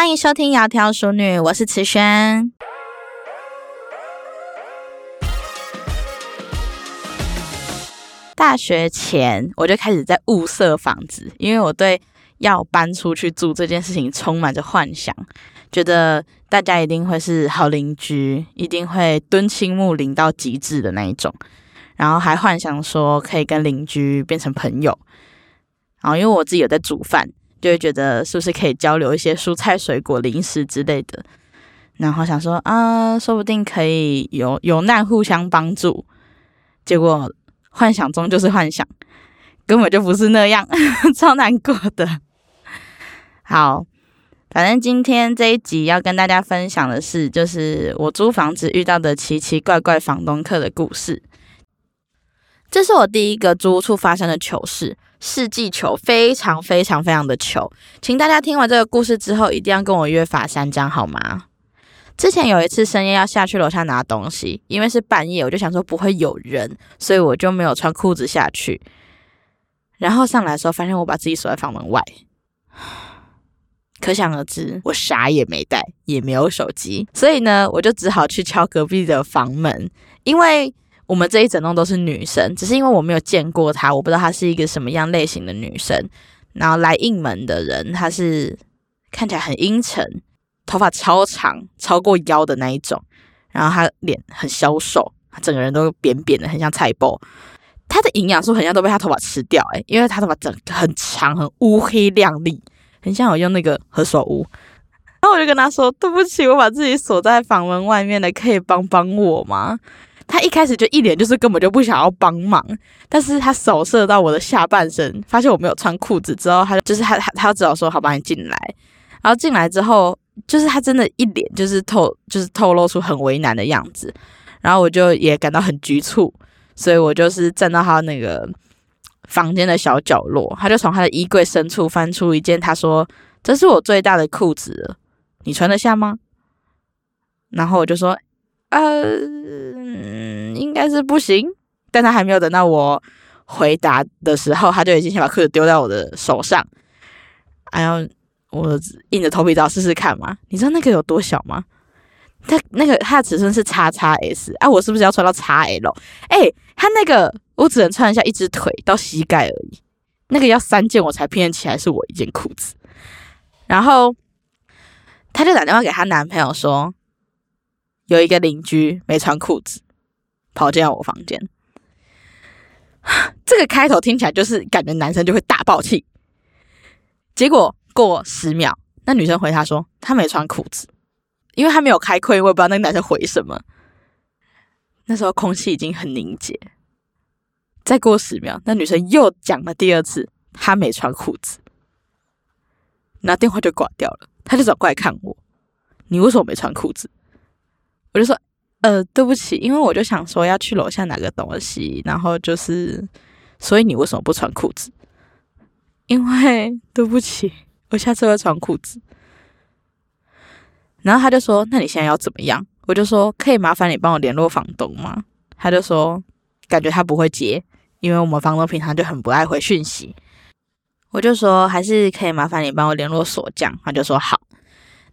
歡迎收聽《窈窕淑女》，我是慈軒。大學前我就開始在物色房子，因為我對要搬出去住這件事情充滿着幻想，覺得大家一定會是好鄰居，一定會敦親睦鄰到極致的那一種，然後還幻想說可以跟鄰居變成朋友。然後因為我自己有在煮飯。就會覺得是不是可以交流一些蔬菜、水果、零食之類的，然後想說啊，說不定可以有有難互相幫助。結果幻想中就是幻想，根本就不是那樣，呵呵超難過的。好，反正今天這一集要跟大家分享的是，就是我租房子遇到的奇奇怪怪房東客的故事。這是我第一個租屋處發生的糗事。世紀跪求，非常非常非常的跪求。請大家聽完這個故事之後，一定要跟我約法三章好嗎？之前有一次深夜要下去樓下拿東西，因為是半夜，我就想說不會有人，所以我就沒有穿褲子下去。然後上來的時候，發現我把自己鎖在房門外，可想而知，我啥也沒帶，也沒有手機，所以呢，我就只好去敲隔壁的房門，因為。我們這一整棟都是女生，只是因為我沒有見過她，我不知道她是一個什麼樣類型的女生。然後來應門的人，她是看起來很陰沉，頭髮超長超過腰的那一種。然後她臉很消瘦，她整個人都扁扁的，很像菜包。她的營養素很像都被她頭髮吃掉，欸，因為她頭髮整很長，很烏黑亮麗，很像我用那個何首烏。然後我就跟她說：“對不起，我把自己鎖在房門外面的，可以幫幫我嗎？”他一開始就一臉就是根本就不想要幫忙，但是他掃射到我的下半身，發現我沒有穿褲子之後，他就是他他他只好說：“好吧，你進來。”然後進來之後，就是他真的一臉就是透就是透露出很為難的樣子，然後我就也感到很局促，所以我就是站到他那個房間的小角落，他就從他的衣櫃深處翻出一件，他說：“這是我最大的褲子，你穿得下嗎？”然後我就說。呃，嗯、應該是不行。但他還沒有等到我回答的時候，他就已經先把褲子丟在我的手上。哎呀，我硬着頭皮只試試看嘛。你知道那個有多小嗎？他那個他的尺寸是 X X S，啊，我是不是要穿到 X L？哎、欸，他那個我只能穿一下，一隻腿到膝蓋而已。那個要三件我才拼得起來，是我一件褲子。然後，他就打電話給他男朋友說。有一個鄰居沒穿褲子跑進來我房間，這個開頭聽起來就是感覺男生就會大爆氣。結果過十秒，那女生回他說她沒穿褲子，因為他沒有開虧，我也不知道那個男生回什麼。那時候空氣已經很凝結。再過十秒，那女生又講了第二次，她沒穿褲子。那電話就掛掉了，她就走過來看我，你為什麼沒穿褲子？呃，對不起，因為我就想說要去樓下拿個東西，然後就是，所以你為什麼不穿褲子？因為對不起，我下次會穿褲子。然後他就說：“那你現在要怎麼樣？”我就說：“可以麻煩你幫我聯絡房東嗎？”他就說：“感覺他不會接，因為我們房東平常就很不愛回訊息。”我就說：“還是可以麻煩你幫我聯絡鎖匠。”他就說：“好。”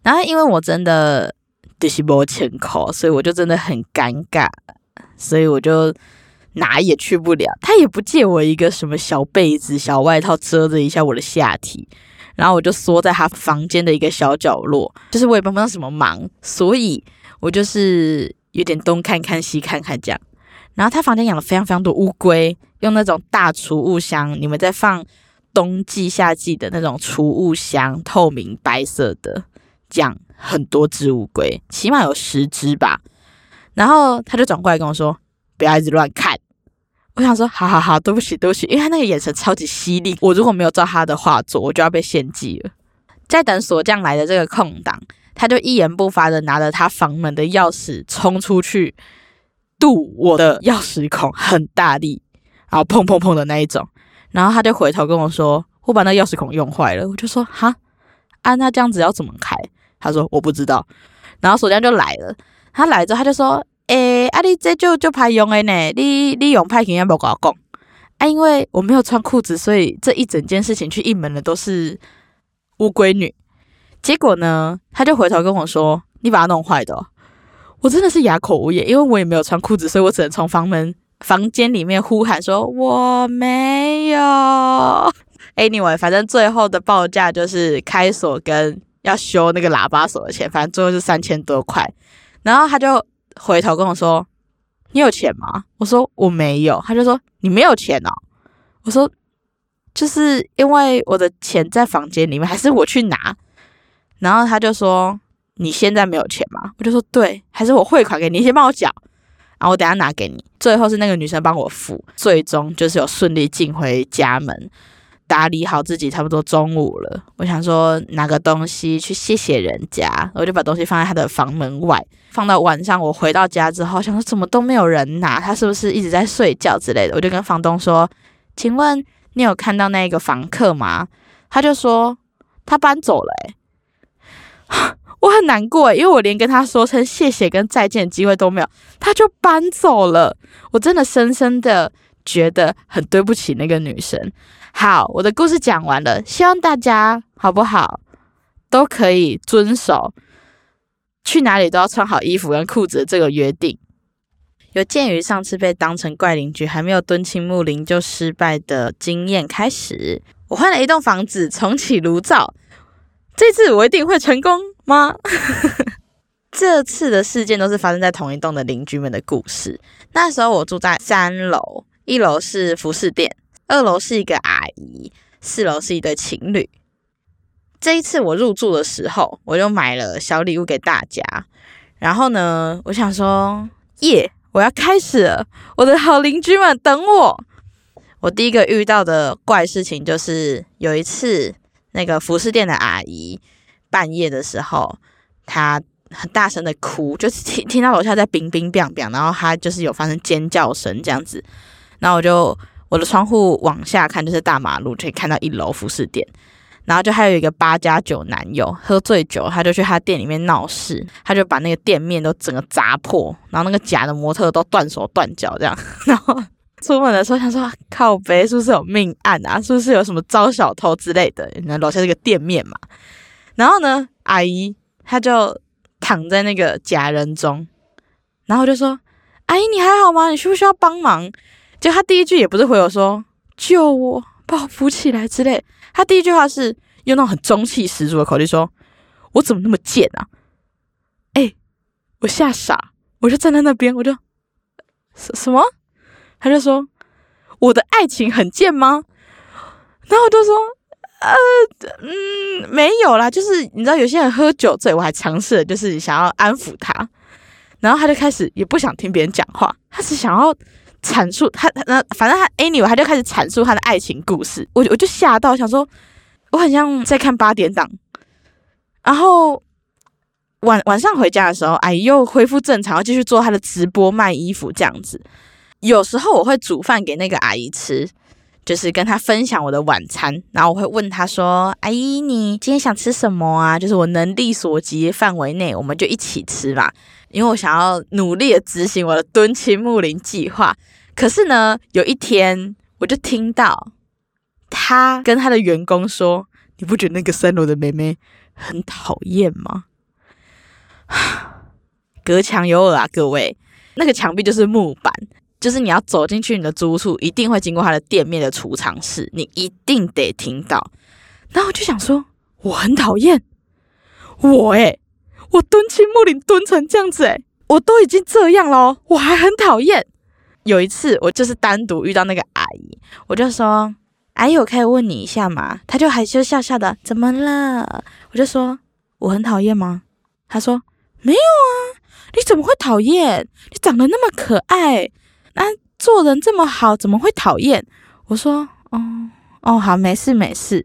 然後因為我真的。這是沒錢靠，所以我就真的很尷尬，所以我就哪也去不了。他也不借我一個什麼小被子、小外套遮着一下我的下體，然後我就縮在他房間的一個小角落，就是我也幫不上什麼忙，所以我就是有點東看看西看看這樣。然後他房間養了非常非常多烏龜，用那種大儲物箱，你們在放冬季、夏季的那種儲物箱，透明白色的這樣。很多隻烏龜，起碼有十隻吧。然後他就轉過來跟我說：“不要一直亂看。”我想說：“好好好，對不起，對不起。”因為他那個眼神超級犀利，我如果沒有照他的話做，我就要被獻祭了。在等鎖匠來的這個空檔，他就一言不發的拿着他房門的鑰匙衝出去，堵我的鑰匙孔，很大力，然後砰砰砰的那一種。然後他就回頭跟我說：“我把那鑰匙孔用壞了。”我就說：“哈啊，那這樣子要怎麼開？”他說我不知道，然後鎖匠就來了。他來之後，他就說：“誒、欸，啊你，你這就就拍用的呢？你你用派誰也沒跟我講啊！因為我沒有穿褲子，所以這一整件事情去應門的都是烏龜女。結果呢，他就回頭跟我說：‘你把它弄壞的、哦。’我真的是啞口無言，因為我也沒有穿褲子，所以我只能從房門房間裡面呼喊說：‘我沒有。’Anyway，反正最後的報價就是開鎖跟……要修那個喇叭鎖的錢，反正最後是三千多塊。然後他就回頭跟我說：“你有錢嗎？”我說：“我沒有。”他就說：“你沒有錢哦。”我說：“就是因為我的錢在房間裡面，還是我去拿。”然後他就說：“你現在沒有錢嗎？”我就說：“對，還是我匯款給你，你先幫我繳，然後我等下拿給你。”最後是那個女生幫我付，最終就是有順利進回家門。打理好自己，差不多中午了。我想說拿個東西去謝謝人家，我就把東西放在他的房門外。放到晚上我回到家之後，想說怎麼都沒有人拿啊，他是不是一直在睡覺之類的？我就跟房東說：“請問你有看到那個房客嗎？”他就說：“他搬走了。 ”哎，我很難過，因為我連跟他說聲謝謝跟再見的機會都沒有，他就搬走了。我真的深深的覺得很對不起那個女生。好，我的故事講完了，希望大家好不好都可以遵守去哪裡都要穿好衣服跟褲子的這個約定。有鑒於上次被當成怪鄰居，還沒有敦親睦鄰就失敗的經驗開始，我換了一棟房子，重啟爐灶，這次我一定會成功嗎？ 這次的事件都是發生在同一棟的鄰居們的故事。那時候我住在三樓，一樓是服飾店。二樓是一個阿姨，四樓是一對情侶。這一次我入住的時候，我就買了小禮物給大家。然後呢，我想說，耶，我要開始了，我的好鄰居們，等我。我第一個遇到的怪事情就是，有一次那個服飾店的阿姨半夜的時候，她很大聲的哭，就是聽聽到樓下在冰冰乒乒，然後她就是有發生尖叫聲這樣子，然後我就。我的窗戶往下看就是大馬路，就可以看到一樓服飾店，然後就還有一個 8+9 男友喝醉酒，他就去他店裡面鬧事，他就把那個店面都整個砸破，然後那個假的模特都斷手斷腳這樣，然後出門的時候他說，靠北，是不是有命案啊？是不是有什麼招小偷之類的？然後樓下那個店面嘛，然後呢，阿姨他就躺在那個假人中，然後就說：“阿姨你還好嗎？你需不需要幫忙？”他第一句也不是回我說救我，把我扶起來之類。他第一句話是用那種很中氣十足的口氣說：“我怎麼那麼賤啊？”哎、欸，我嚇傻，我就站在那邊，我就什什麼？他就說：“我的愛情很賤嗎？”然後我就說：“呃，嗯，沒有啦，就是你知道，有些人喝酒醉，我還嘗試的就是想要安撫他。然後他就開始也不想聽別人講話，他只想要。”闡述他，那反正他 anyway，他就開始闡述他的愛情故事。我我就嚇到，想說我很像在看八點檔。然後晚晚上回家的時候，阿姨又恢復正常，繼續做她的直播賣衣服這樣子。有時候我會煮飯給那個阿姨吃。就是跟他分享我的晚餐，然後我會問他說：“阿姨，你今天想吃什麼啊？”就是我能力所及範圍內，我們就一起吃吧。因為我想要努力的執行我的敦親睦鄰計劃。可是呢，有一天我就聽到他跟他的員工說：“你不覺得那個三樓的妹妹很討厭嗎？”隔牆有耳啊，各位，那個牆壁就是木板。就是你要走進去你的租屋處，一定會經過他的店面的儲藏室，你一定得聽到。然後我就想說，我很討厭我誒、欸、我敦親睦鄰敦成這樣子誒、欸、我都已經這樣了，我還很討厭。有一次我就是單獨遇到那個阿姨，我就說：“阿姨，我可以問你一下嗎？”她就害羞笑笑的，怎麼了？我就說：“我很討厭嗎？”她說：“沒有啊，你怎麼會討厭？你長得那麼可愛。”啊，做人這麼好，怎麼會討厭？我說，哦、嗯，哦，好，沒事沒事。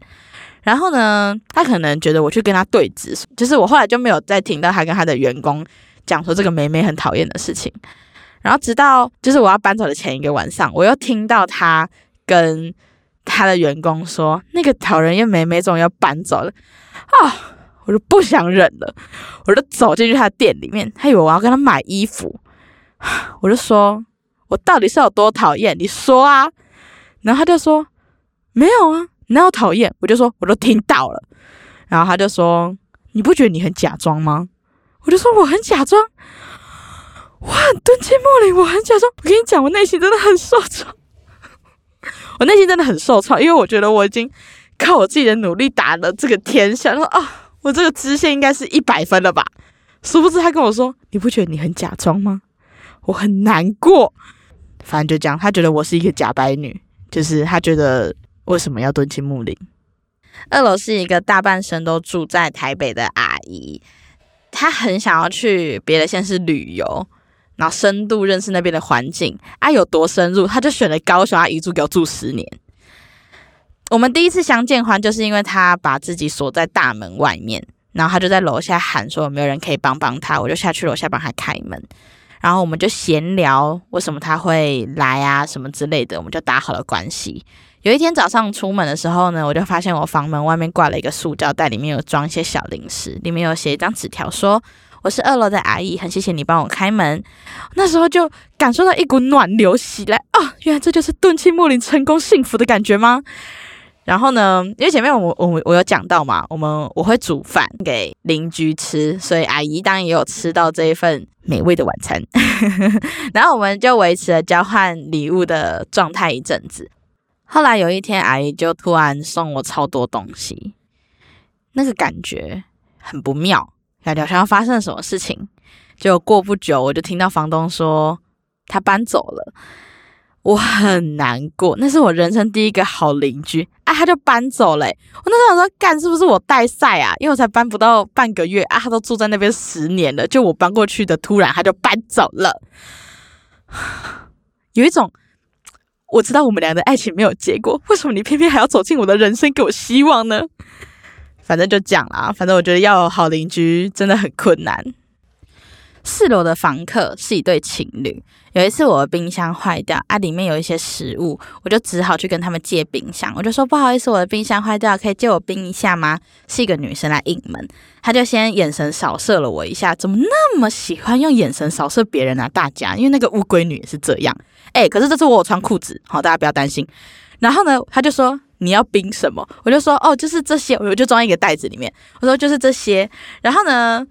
然後呢，他可能覺得我去跟他對質，就是我後來就沒有再聽到他跟他的員工講說這個美眉很討厭的事情。然後直到就是我要搬走的前一個晚上，我又聽到他跟他的員工說，那個討人厭美眉總要搬走了。啊、哦，我就不想忍了，我就走進去他店裡面，他以為我要跟他買衣服，我就說。我到底是有多討厭？你說啊？然後他就說沒有啊，哪有討厭？我就說我都聽到了。然後他就說你不覺得你很假裝嗎？我就說我很假裝，我很敦親睦鄰，我很假裝。我跟你講，我內心真的很受創， 我內心真的很受創，因為我覺得我已經靠我自己的努力打了這個天下。說啊、哦，我這個支線應該是一百分了吧？殊不知他跟我說你不覺得你很假裝嗎？我很難過。反正就這樣，他覺得我是一個假白女，就是他覺得為什麼要蹲青木林。二樓是一個大半生都住在台北的阿姨，她很想要去別的縣市旅遊，然後深度認識那邊的環境。啊，有多深入，他就選了高雄，阿姨住給我住十年。我們第一次相見歡，就是因為他把自己鎖在大門外面，然後他就在樓下喊說有沒有人可以幫幫他，我就下去樓下幫他開門。然後我們就閒聊，為什麼他會來啊，什麼之類的，我們就打好了關係。有一天早上出門的時候呢，我就發現我房門外面掛了一個塑膠袋，裡面有裝一些小零食，裡面有寫一張紙條說，說我是二樓的阿姨，很謝謝你幫我開門。那時候就感受到一股暖流襲來啊、哦，原來這就是敦親睦鄰、成功幸福的感覺嗎？然後呢，因為前面我、我、我有講到嘛，我們我會煮飯給鄰居吃，所以阿姨當然也有吃到這一份美味的晚餐。 然後我們就維持了交換禮物的狀態一陣子。後來有一天，阿姨就突然送我超多東西，那個感覺很不妙，好像發生了什麼事情。就過不久，我就聽到房東說她搬走了。我很難過，那是我人生第一個好鄰居，啊他就搬走了欸。我那時候說，幹是不是我帶衰啊？因為我才搬不到半個月啊，他都住在那邊十年了，就我搬過去的，突然他就搬走了。有一種，我知道我們倆的愛情沒有結果，為什麼你偏偏還要走進我的人生，給我希望呢？反正就講啦，反正我覺得要有好鄰居真的很困難。四樓的房客是一對情侶。有一次我的冰箱壞掉啊，裡面有一些食物，我就只好去跟他們借冰箱。我就說不好意思，我的冰箱壞掉，可以借我冰一下嗎？是一個女生來應門，她就先眼神掃射了我一下，怎麼那麼喜歡用眼神掃射別人啊？大家，因為那個烏龜女也是這樣。誒、欸，可是這次我有穿褲子，好，大家不要擔心。然後呢，她就說你要冰什麼？我就說哦，就是這些，我就裝一個袋子裡面。我說就是這些。然後呢？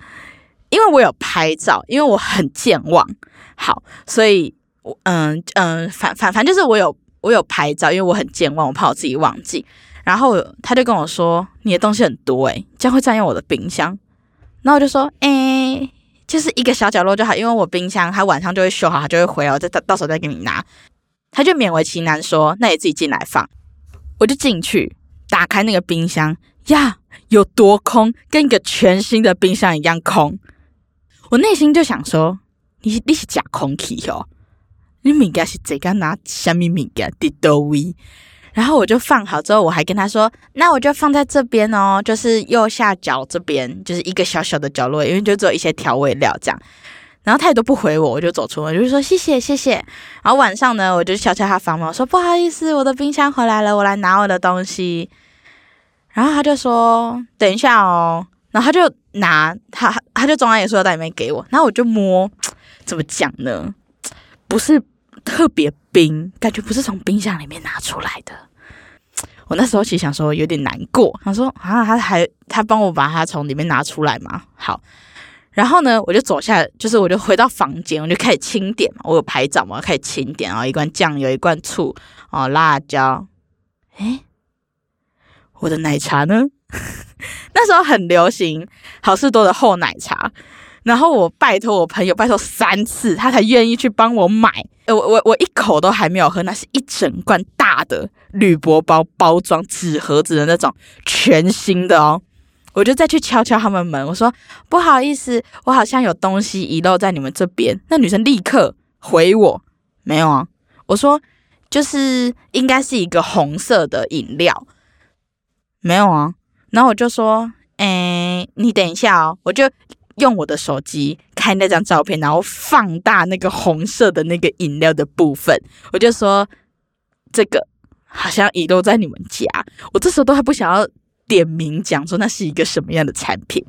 因為我有拍照，因為我很健忘，好，所以我嗯嗯反反反正就是我有我有拍照，因為我很健忘，我怕我自己忘記。然後他就跟我說：“你的東西很多，欸，這樣會佔用我的冰箱。”然後我就說：“誒、欸，就是一個小角落就好，因為我冰箱他晚上就會修好，就會回來，我，再到到時候再給你拿。”他就勉為其難說：“那你自己進來放。”我就進去打開那個冰箱呀，有多空，跟一個全新的冰箱一樣空。我內心就想說，你是你是假空氣喲、哦，你敏感是這個拿小米敏感？滴多味，然後我就放好之後，我還跟他說，那我就放在這邊哦，就是右下角這邊，就是一個小小的角落，因為就做一些調味料這樣。然後他也都不回我，我就走出門，我就說謝謝謝謝。然後晚上呢，我就敲敲他房門，我說不好意思，我的冰箱回來了，我來拿我的東西。然後他就說，等一下哦。然後他就拿他，他，他就裝在塑料袋裡面給我。然後我就摸，怎麼講呢？不是特別冰，感覺不是從冰箱裡面拿出來的。我那時候其實想說有點難過。他說啊，他還他幫我把它從裡面拿出來嘛。好，然後呢，我就走下，就是我就回到房間，我就開始清點，我有拍照嘛，我開始清點啊，然後一罐醬油，一罐醋，哦，辣椒。誒，我的奶茶呢？ 那時候很流行好市多的厚奶茶，然後我拜託我朋友拜託三次，他才願意去幫我買。我我我一口都還沒有喝，那是一整罐大的鋁箔包包裝紙盒子，的那種全新的哦。我就再去敲敲他們門，我說不好意思，我好像有東西遺漏在你們這邊。那女生立刻回我沒有啊，我說就是應該是一個紅色的飲料，沒有啊。然後我就說，哎、欸，你等一下哦，我就用我的手機看那張照片，然後放大那個紅色的那個飲料的部分。我就說，這個好像遺落在你們家。我這時候都還不想要點名講說那是一個什麼樣的產品。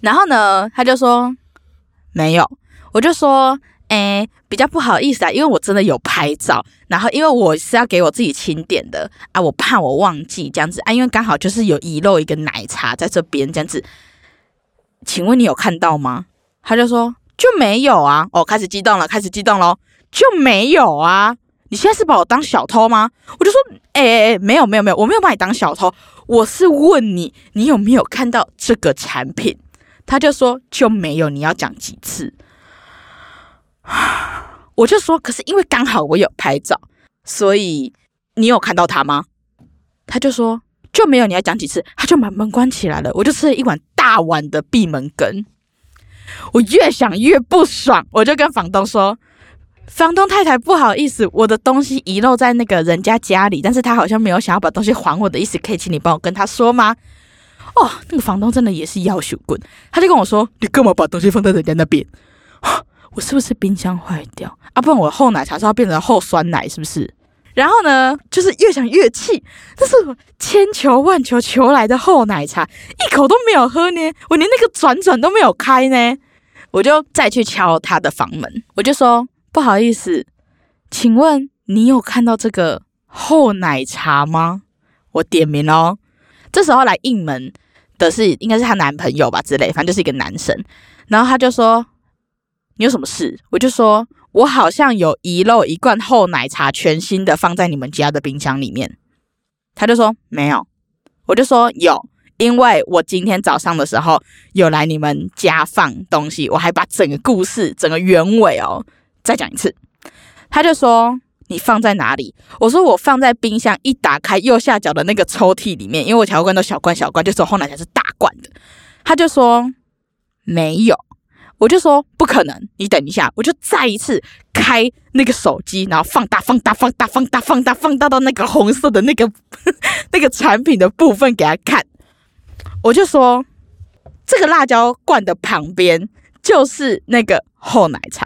然後呢，他就說沒有。我就說。哎，比較不好意思啊，因為我真的有拍照，然後因為我是要給我自己清點的啊，我怕我忘記這樣子啊，因為剛好就是有遺漏一個奶茶在這邊這樣子，請問你有看到嗎？他就說就沒有啊，哦，開始激動了，開始激動嘍，就沒有啊，你現在是把我當小偷嗎？我就說，哎，哎，哎，沒有沒有沒有，我沒有把你當小偷，我是問你，你有沒有看到這個產品？他就說就沒有，你要講幾次？我就說，可是因為剛好我有拍照，所以你有看到他嗎？他就說就沒有。你要講幾次？他就把門關起來了。我就吃了一碗大碗的閉門羹。我越想越不爽，我就跟房東說：“房東太太，不好意思，我的東西遺漏在那個人家家裡，但是他好像沒有想要把東西還我的意思，可以請你幫我跟他說嗎？”哦，那個房東真的也是夭壽骨，他就跟我說：“你幹嘛把東西放在人家那邊？”我是不是冰箱壞掉啊？不然我的厚奶茶是要變成厚酸奶是不是？然後呢，就是越想越氣，這是我千求萬求求來的厚奶茶，一口都沒有喝呢，我連那個轉轉都沒有開呢，我就再去敲他的房門，我就說不好意思，請問你有看到這個厚奶茶嗎？我點名哦。這時候來應門的是應該是他男朋友吧之類，反正就是一個男生，然後他就說。你有什麼事？我就說，我好像有遺漏一罐厚奶茶，全新的放在你們家的冰箱裡面。他就說沒有，我就說有，因為我今天早上的時候有來你們家放東西，我還把整個故事、整個原委哦再講一次。他就說你放在哪裡？我說我放在冰箱一打開右下角的那個抽屜裡面，因為我調罐都小罐、小罐，就是說厚奶茶是大罐的。他就說沒有。我就說不可能，你等一下，我就再一次開那個手機，然後放大、放大、放大、放大、放大、放大到那個紅色的那個呵呵那個產品的部分給他看。我就說這個辣椒罐的旁邊就是那個厚奶茶，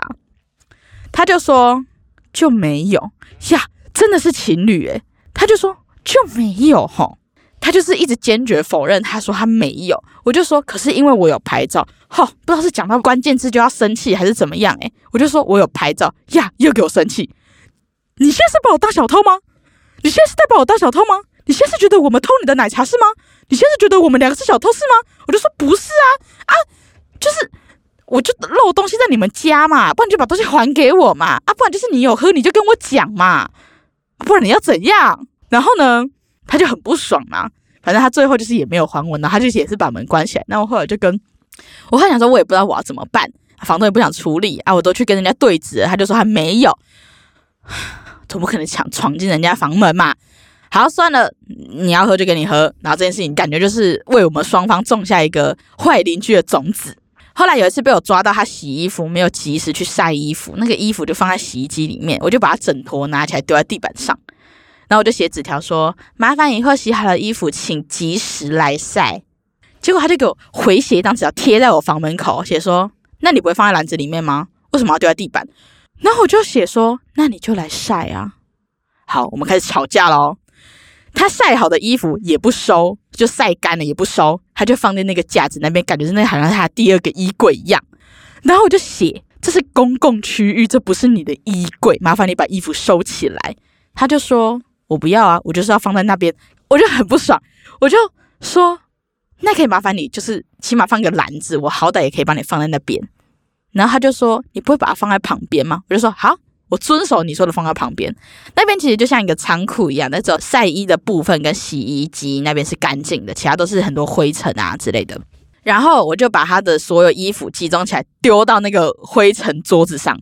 他就說就沒有呀，真的是情侶誒、欸、他就說就沒有吼。他就是一直堅決否認，他說他沒有，我就說可是因為我有拍照，好，不知道是講到關鍵字就要生氣還是怎麼樣、欸，誒，我就說我有拍照呀，又給我生氣，你現在是把我當小偷嗎？你現在是在把我當小偷嗎？你現在是覺得我們偷你的奶茶是嗎？你現在是覺得我們兩個是小偷是嗎？我就說不是啊啊，就是我就漏東西在你們家嘛，不然你就把東西還給我嘛，啊，不然就是你有喝你就跟我講嘛、啊，不然你要怎樣？然後呢？他就很不爽嘛，反正他最後就是也沒有還我呢，然後他就是也是把門關起來。那我後來就跟，我後來想說，我也不知道我要怎麼辦，房東也不想處理啊，我都去跟人家對質，他就說他沒有，總不可能搶闖進人家房門嘛？好，算了，你要喝就給你喝。然後這件事情感覺就是為我們雙方種下一個壞鄰居的種子。後來有一次被我抓到他洗衣服沒有及時去曬衣服，那個衣服就放在洗衣機裡面，我就把他枕頭拿起來丟在地板上。然後我就寫紙條說：“麻煩以後洗好的衣服請及時來曬。”結果他就給我回寫一張紙條貼在我房門口，寫說：“那你不會放在籃子裡面嗎？為什麼要丟在地板？”然後我就寫說：“那你就來曬啊！”好，我們開始吵架嘍。他曬好的衣服也不收，就曬乾了也不收，他就放在那個架子那邊，感覺是那好像是他第二個衣櫃一樣。然後我就寫：“這是公共區域，這不是你的衣櫃，麻煩你把衣服收起來。”他就說，我不要啊！我就是要放在那邊，我就很不爽，我就說那可以麻煩你，就是起碼放個籃子，我好歹也可以幫你放在那邊。然後他就說，你不會把它放在旁邊嗎？我就說好，我遵守你說的放在旁邊。那邊其實就像一個倉庫一樣，那種曬衣的部分跟洗衣機那邊是乾淨的，其他都是很多灰塵啊之類的。然後我就把他的所有衣服集中起來丟到那個灰塵桌子上，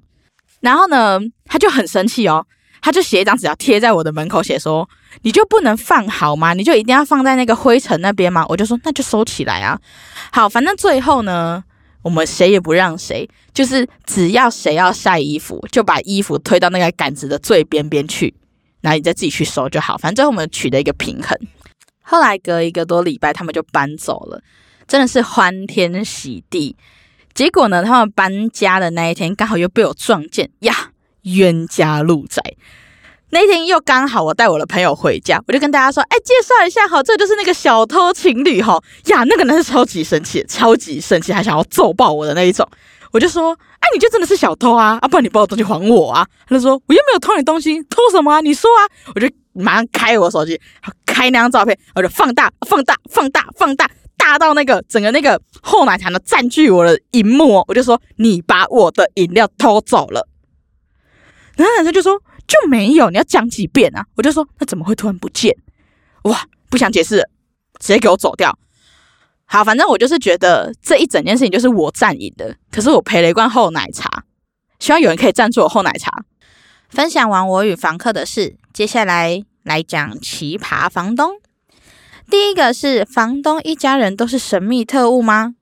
然後呢，他就很生氣哦。他就寫一張紙條貼在我的門口，寫說：“你就不能放好嗎？你就一定要放在那個灰塵那邊嗎？”我就說：“那就收起來啊。”好，反正最後呢，我們誰也不讓誰，就是只要誰要曬衣服，就把衣服推到那個杆子的最邊邊去，然後你再自己去收就好。反正我們取得一個平衡。後來隔一個多禮拜，他們就搬走了，真的是歡天喜地。結果呢，他們搬家的那一天，剛好又被我撞見呀。Yeah! 冤家路窄。那天又剛好我帶我的朋友回家，我就跟大家說：“哎，介紹一下哈，這就是那個小偷情侶吼。”呀，那個男生超級生氣，超級生氣，還想要揍爆我的那一種。我就說：“哎、啊，你就真的是小偷啊！啊，不然你把我東西還我啊！”他就說：“我又沒有偷你東西，偷什麼啊？你說啊！”我就馬上開我手機，開那張照片，我就放大、放大、放大、放大，大到那個整個那個厚奶的占據我的熒幕、哦。我就說：“你把我的飲料偷走了。”然後他就說就沒有你要講幾遍啊？」我就說那怎麼會突然不見？哇，不想解釋，直接給我走掉。好，反正我就是覺得這一整件事情就是我占贏的，可是我賠了一罐厚奶茶。希望有人可以贊助我厚奶茶。分享完我與房客的事，接下來來講奇葩房東。第一個是房東一家人都是神秘特務嗎？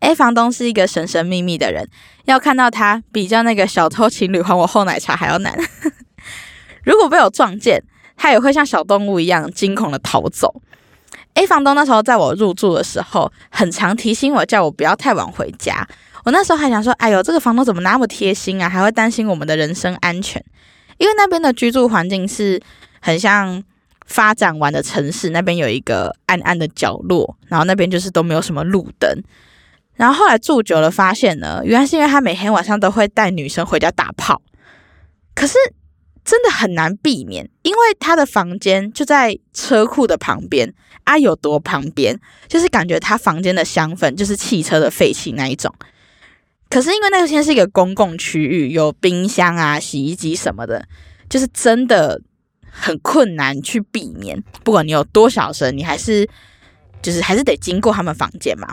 a 房東是一個神神秘秘的人，要看到他，比較那個小偷情侶還我厚奶茶還要難。 如果被我撞見，他也會像小動物一樣驚恐的逃走。a 房東那時候在我入住的時候，很常提醒我，叫我不要太晚回家。我那時候還想說，哎呦，這個房東怎麼那麼貼心啊，還會擔心我們的人身安全？因為那邊的居住環境是很像發展完的城市，那邊有一個暗暗的角落，然後那邊就是都沒有什麼路燈。然後後來住久了，發現呢，原來是因為他每天晚上都會帶女生回家打炮。可是真的很難避免，因為他的房間就在車庫的旁邊啊，有多旁邊，就是感覺他房間的香氛就是汽車的廢氣那一種。可是因為那個現在是一個公共區域，有冰箱啊、洗衣機什麼的，就是真的很困難去避免。不管你有多小聲，你還是就是還是得經過他們房間嘛。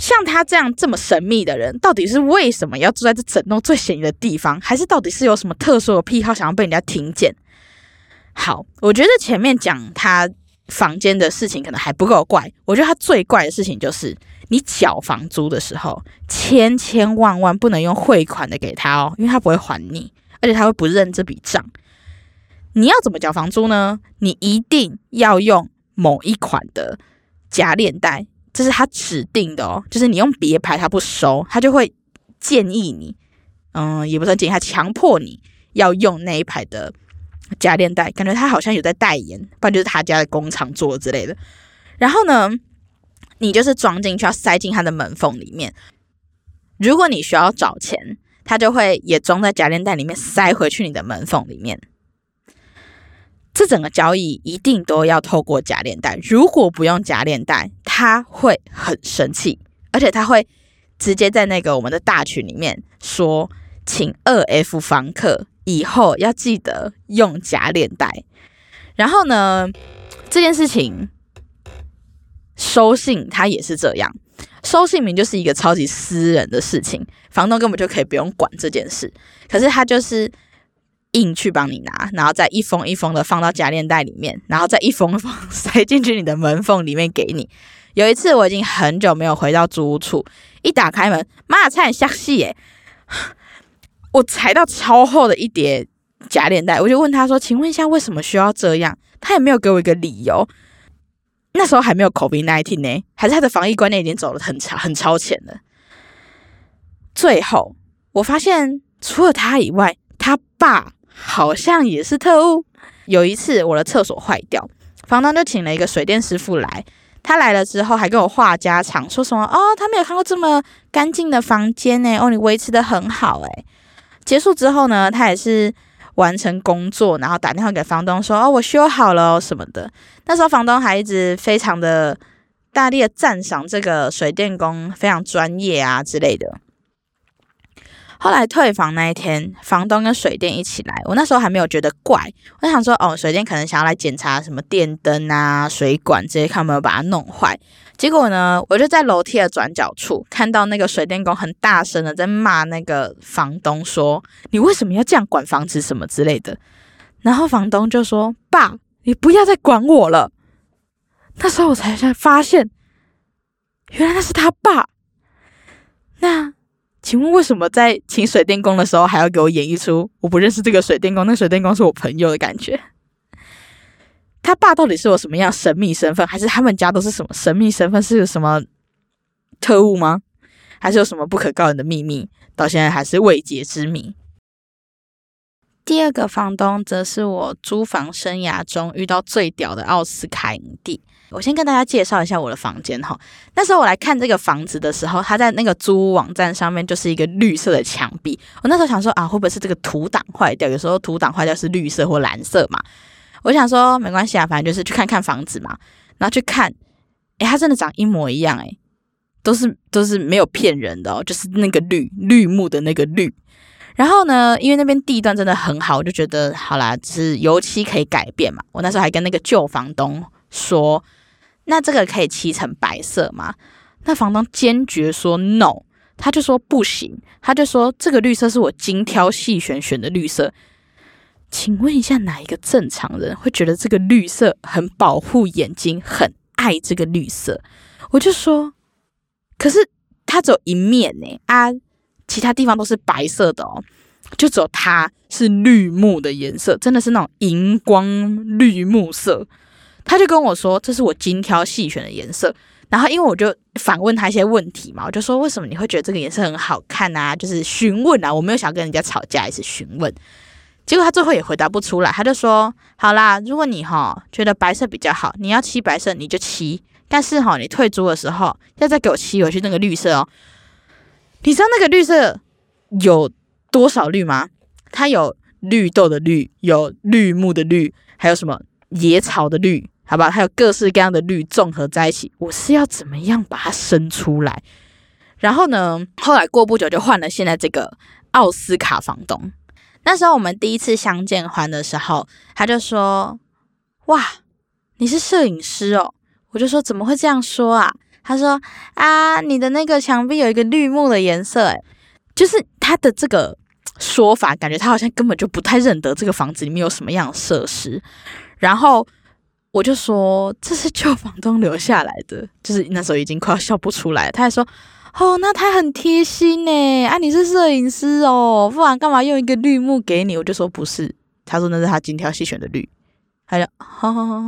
像他這樣這麼神秘的人，到底是為什麼要住在這整棟最顯眼的地方？還是到底是有什麼特殊的癖好，想要被人家聽見？好，我覺得前面講他房間的事情可能還不夠怪。我覺得他最怪的事情就是，你繳房租的時候，千千萬萬不能用匯款的給他哦，因為他不會還你，而且他會不認這筆賬。你要怎麼繳房租呢？你一定要用某一款的夾鏈袋。這是他指定的哦，就是你用別牌，他不收，他就會建議你，嗯，也不算建議，他強迫你要用那一牌的夾鏈袋，感覺他好像有在代言，不然就是他家的工廠做之類的。然後呢，你就是裝進去，要塞進他的門縫裡面。如果你需要找錢，他就會也裝在夾鏈袋裡面塞回去你的門縫裡面。這整個交易一定都要透過夾鏈袋，如果不用夾鏈袋，他會很生氣，而且他會直接在那個我們的大群裡面說：“請二 F 房客以後要記得用夾鏈袋。”然後呢，這件事情收信他也是這樣，收信就是一個超級私人的事情，房東根本就可以不用管這件事。可是他就是硬去幫你拿，然後再一封一封的放到夾鏈袋裡面，然後再一封一封塞進去你的門縫裡面給你。有一次，我已經很久沒有回到租屋處，一打開門，媽呀，差點嚇死耶！我踩到超厚的一疊夾鏈袋，我就問他說：“請問一下，為什麼需要這樣？”他也沒有給我一個理由。那時候還沒有 COVID-19 呢，還是他的防疫觀念已經走了很超很超前了。最後，我發現除了他以外，他爸好像也是特務。有一次，我的廁所壞掉，房東就請了一個水電師傅來。他來了之後還跟我話家常，說什麼哦，他沒有看過這麼乾淨的房間誒，哦，你維持的很好誒。結束之後呢，他也是完成工作，然後打電話給房東說哦，我修好了，哦，什麼的。那時候房東還一直非常的大力的讚賞這個水電工非常專業啊之類的。後來退房那一天，房東跟水電一起來，我那時候還沒有覺得怪，我想說哦，水電可能想要來檢查什麼電燈啊、水管這些，看有沒有把它弄壞。結果呢，我就在樓梯的轉角處看到那個水電工很大聲的在罵那個房東說，說你為什麼要這樣管房子什麼之類的。然後房東就說：“爸，你不要再管我了。”那時候我才在發現，原來那是他爸。那。請問為什麼在請水電工的時候，還要給我演繹出我不認識這個水電工，那個水電工是我朋友的感覺？他爸到底是有什麼樣神秘身份？還是他們家都是什麼神秘身份？是有什麼特務嗎？還是有什麼不可告人的秘密？到現在還是未解之謎。第二個房東則是我租房生涯中遇到最屌的奧斯卡影帝。我先跟大家介紹一下我的房間哈。那時候我來看這個房子的時候，它在那個租屋網站上面就是一個綠色的牆壁。我那時候想說啊，會不會是這個圖檔壞掉？有時候圖檔壞掉是綠色或藍色嘛。我想說沒關係啊，反正就是去看看房子嘛。然後去看，哎、欸，它真的長一模一樣哎、欸，都是都是沒有騙人的哦，就是那個綠綠木的那個綠。然後呢，因為那邊地段真的很好，我就覺得好啦，只、就是油漆可以改變嘛。我那時候還跟那個舊房東說。那這個可以漆成白色嗎？那房東堅決說 no，他就說不行，他就說這個綠色是我精挑細選選的綠色。請問一下，哪一個正常人會覺得這個綠色很保護眼睛，很愛這個綠色？我就說，可是它只有一面呢、欸、啊，其他地方都是白色的哦、喔，就只有它是綠幕的顏色，真的是那種熒光綠幕色。他就跟我說：“這是我精挑細選的顏色。”然後因為我就反問他一些問題嘛，我就說：“為什麼你會覺得這個顏色很好看啊？”就是詢問啊，我沒有想跟人家吵架，一直詢問。結果他最後也回答不出來，他就說：“好啦，如果你哈、喔、覺得白色比較好，你要漆白色你就漆，但是哈、喔、你退租的時候要再給我漆回去那個綠色哦、喔。你知道那個綠色有多少綠嗎？它有綠豆的綠，有綠木的綠，還有什麼野草的綠。”好吧，還有各式各樣的綠綜合在一起，我是要怎麼樣把它生出來？然後呢，後來過不久就換了現在這個奧斯卡房東。那時候我們第一次相見歡的時候，他就說：“哇，你是攝影師哦。”我就說：“怎麼會這樣說啊？”他說：“啊，你的那個牆壁有一個綠幕的顏色、欸。”就是他的這個說法，感覺他好像根本就不太認得這個房子裡面有什麼樣的設施，然後。我就說這是舊房東留下來的，就是那時候已經快要笑不出來。他還說：“哦，那他很貼心呢，啊，你是攝影師哦，不然幹嘛用一個綠幕給你？”我就說不是，他說那是他精挑細選的綠，他就好好好，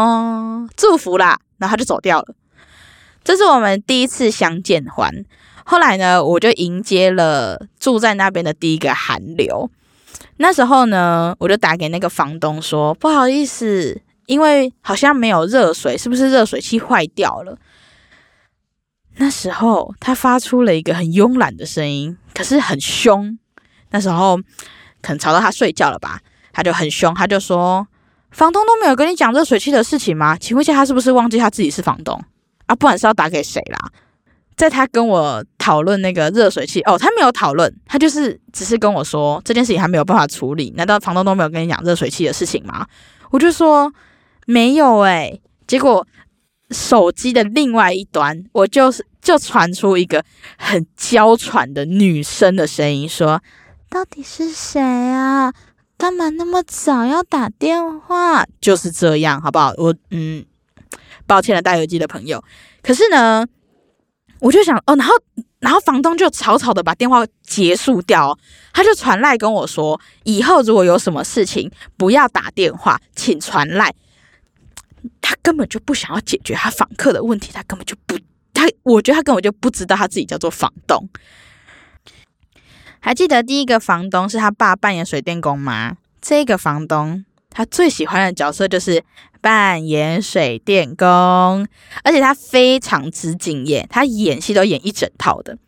哦，祝福啦。然後他就走掉了。這是我們第一次相見歡。後來呢，我就迎接了住在那邊的第一個寒流。那時候呢，我就打給那個房東說：“不好意思，因為好像沒有熱水，是不是熱水器壞掉了？”那時候他發出了一個很慵懶的聲音，可是很凶。那時候可能吵到他睡覺了吧，他就很凶，他就說：“房東都沒有跟你講熱水器的事情嗎？請問一下，他是不是忘記他自己是房東啊？不然是要打給誰啦？”在他跟我討論那個熱水器哦，他沒有討論，他就是只是跟我說這件事情還沒有辦法處理。難道房東都沒有跟你講熱水器的事情嗎？我就說沒有哎、欸，結果手機的另外一端，我就是就傳出一個很嬌喘的女生的聲音，說：“到底是誰啊？幹嘛那麼早要打電話？”就是這樣，好不好？我嗯，抱歉了，戴耳機的朋友。可是呢。我就想哦，然後，然後房東就草草的把電話結束掉，他就傳賴跟我說，以後如果有什麼事情不要打電話，請傳賴。他根本就不想要解決他房客的問題，他根本就不，他我覺得他根本就不知道他自己叫做房東。還記得第一個房東是他爸扮演水電工嗎？這個房東。他最喜歡的角色就是扮演水電工，而且他非常之敬業，他演戲都演一整套的。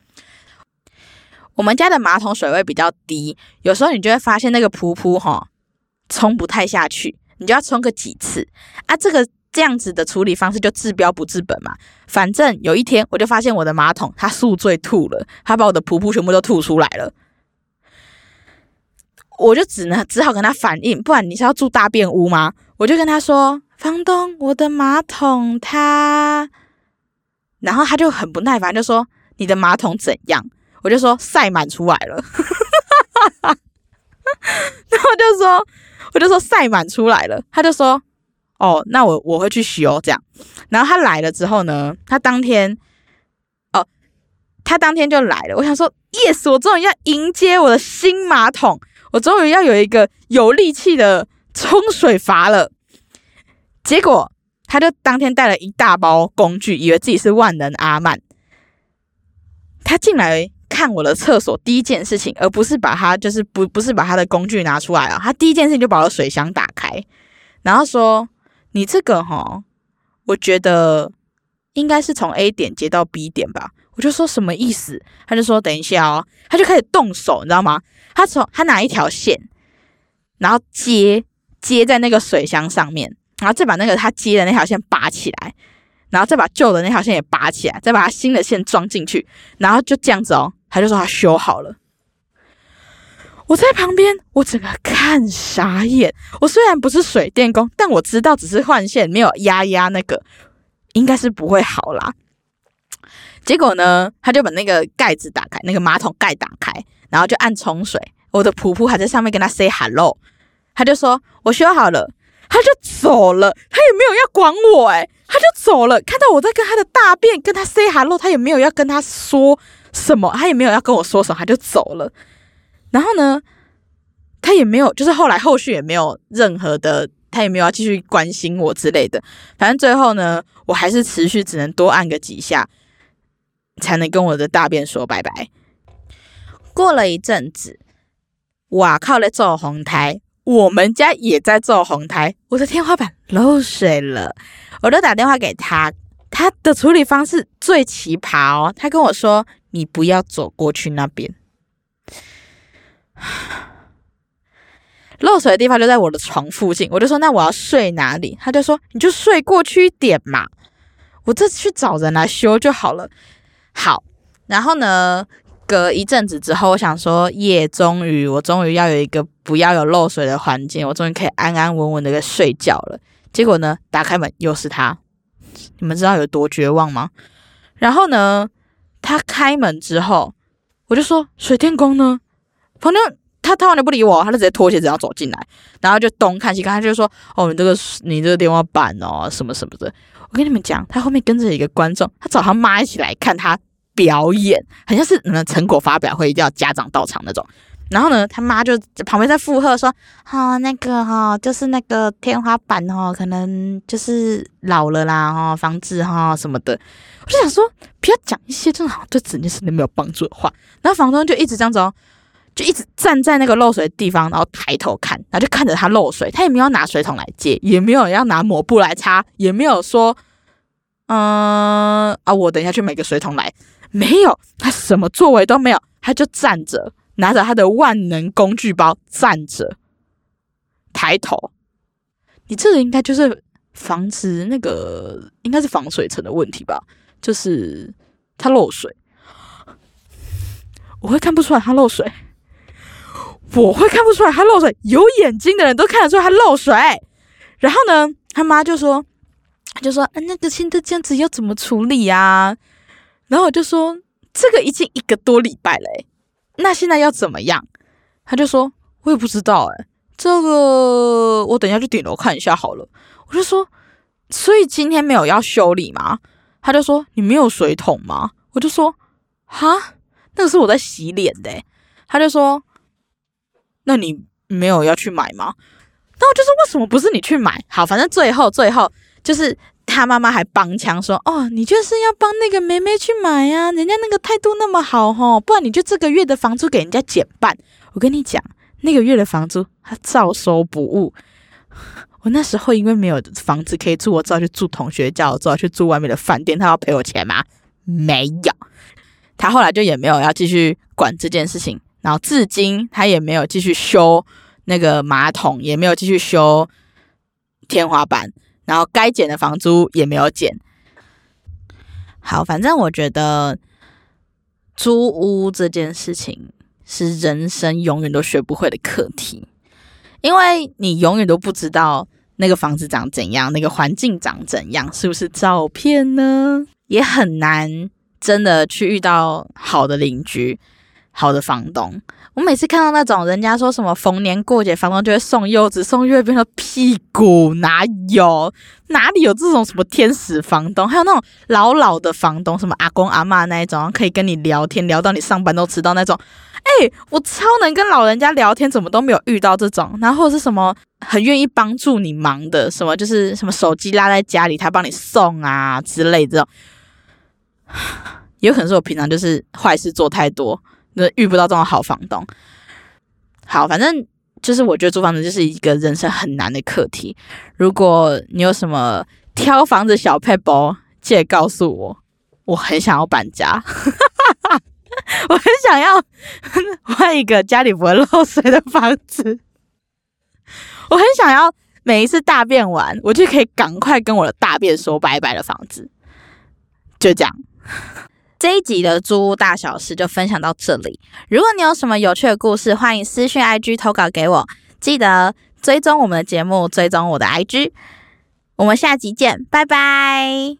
我們家的馬桶水位比較低，有時候你就會發現那個噗噗齁沖不太下去，你就要沖個幾次啊。這個這樣子的處理方式就治標不治本嘛。反正有一天我就發現我的馬桶它宿醉吐了，它把我的噗噗全部都吐出來了。我就只能只好跟他反映，不然你是要住大便屋嗎？我就跟他說，房東，我的馬桶它，然後他就很不耐煩，就說你的馬桶怎樣？我就說塞滿出來了，然 後就說，我就說塞滿出來了，他就說，哦，那我我會去洗喔這樣。然後他來了之後呢，他當天，哦，他當天就來了，我想說，yes，我終於要迎接我的新馬桶。我終於要有一個有力氣的沖水閥了。結果，他就當天帶了一大包工具，以為自己是萬能阿曼。他進來看我的廁所第一件事情，而不是把他就是不不是把他的工具拿出來啊。他第一件事情就把我的水箱打開，然後說：“你這個齁、哦，我覺得應該是從 A 點接到 B 點吧。”我就說，什麼意思？他就說等一下哦，他就開始動手，你知道嗎？他從他拿一條線，然後接接在那個水箱上面，然後再把那個他接的那條線拔起來，然後再把舊的那條線也拔起來，再把新的線裝進去，然後就這樣子哦，他就說他修好了。我在旁邊，我整個看傻眼。我雖然不是水電工，但我知道只是換線，沒有壓壓那個，應該是不會好啦。結果呢，他就把那個蓋子打開，那個馬桶蓋打開，然後就按沖水。我的噗噗還在上面跟他 say hello，他就說我修好了，他就走了。他也沒有要管我誒，他就走了。看到我在跟他的大便跟他 say hello，他也沒有要跟他說什麼，他也沒有要跟我說什麼，他就走了。然後呢，他也沒有，就是後來後續也沒有任何的，他也沒有要繼續關心我之類的。反正最後呢，我還是持續只能多按個幾下，才能跟我的大便說拜拜。過了一陣子，哇靠！在做風颱，我們家也在做風颱。我的天花板漏水了，我都打電話給他，他的處理方式最奇葩哦。他跟我說：“你不要走過去那邊，漏水的地方就在我的床附近。”我就說：“那我要睡哪裡？”他就說：“你就睡過去一點嘛，我這去找人來修就好了。”好，然後呢？隔一陣子之後，我想說，耶，終於，我終於要有一個不要有漏水的環境，我終於可以安安穩穩的在睡覺了。結果呢，打開門又是他，你們知道有多絕望嗎？然後呢，他開門之後，我就說，水電工呢？反正。他他完全不理我，他就直接脫鞋子要走進來，然後就東看西看，他就說：“哦，你這個你這個天花板哦，什麼什麼的。”我跟你們講，他後面跟着一個觀眾，他找他媽一起來看他表演，好像是什麼成果發表會，一定要家長到場那種。然後呢，他媽就旁邊在附和說：“哦那個哈、哦，就是那個天花板哦，可能就是老了啦，哦，房子哈、哦、什麼的。”我就想說，不要講一些這種對整件事都沒有幫助的話。然後房東就一直這樣子哦。就一直站在那個漏水的地方，然後抬頭看，然後就看着他漏水。他也沒有拿水桶來接，也沒有要拿抹布來擦，也沒有說，嗯、呃、啊，我等一下去買個水桶來。沒有，他什麼作為都沒有，他就站着，拿着他的萬能工具包站着，抬頭。你這個應該就是防止那個應該是防水層的問題吧？就是它漏水，我會看不出來它漏水。我會看不出來，他漏水。有眼睛的人都看得出來他漏水。然後呢，他媽就說，就說，啊，那個新的這樣子要怎麼處理啊？然後我就說，這個已經一個多禮拜了、欸，那現在要怎麼樣？他就說，我也不知道、欸，哎，這個我等一下去頂樓看一下好了。我就說，所以今天沒有要修理嗎？他就說，你沒有水桶嗎？我就說，哈，那個是我在洗臉的、欸。他就說。那你沒有要去買嗎？那我就說為什麼不是你去買？好，反正最後最後就是他媽媽還幫腔說，哦，你就是要幫那個妹妹去買呀、啊，人家那個態度那麼好哦，不然你就這個月的房租給人家減半。我跟你講，那個月的房租他照收不誤。我那時候因為沒有房子可以住，我只好去住同學家，叫我只好去住外面的飯店。他要賠我錢嗎？沒有。他後來就也沒有要繼續管這件事情。然後至今，他也沒有繼續修那個馬桶，也沒有繼續修天花板。然後該減的房租也沒有減。好，反正我覺得租屋這件事情是人生永遠都學不會的課題，因為你永遠都不知道那個房子長怎樣，那個環境長怎樣，是不是照騙呢？也很難真的去遇到好的鄰居。好的房東，我每次看到那種人家說什麼逢年過節房東就會送柚子，送月餅，說屁股，哪有，哪裡有這種什麼天使房東？還有那種老老的房東，什麼阿公阿嬤那一種，可以跟你聊天聊到你上班都遲到那種。哎、欸，我超能跟老人家聊天，怎麼都沒有遇到這種，然後是什麼很願意幫助你忙的，什麼就是什麼手機落在家裡他幫你送啊之類這種，有可能是我平常就是壞事做太多。那遇不到這種好房東，好，反正就是我覺得租房子就是一個人生很難的課題。如果你有什麼挑房子小撇步，記得告訴我。我很想要搬家， 我很想要換一個家裡不會漏水的房子。我很想要每一次大便完，我就可以趕快跟我的大便說拜拜的房子，就這樣。這一集的租屋大小事就分享到這裡。如果你有什麼有趣的故事，歡迎私訊 IG 投稿給我。記得追蹤我們的節目，追蹤我的 IG。我們下集見，拜拜。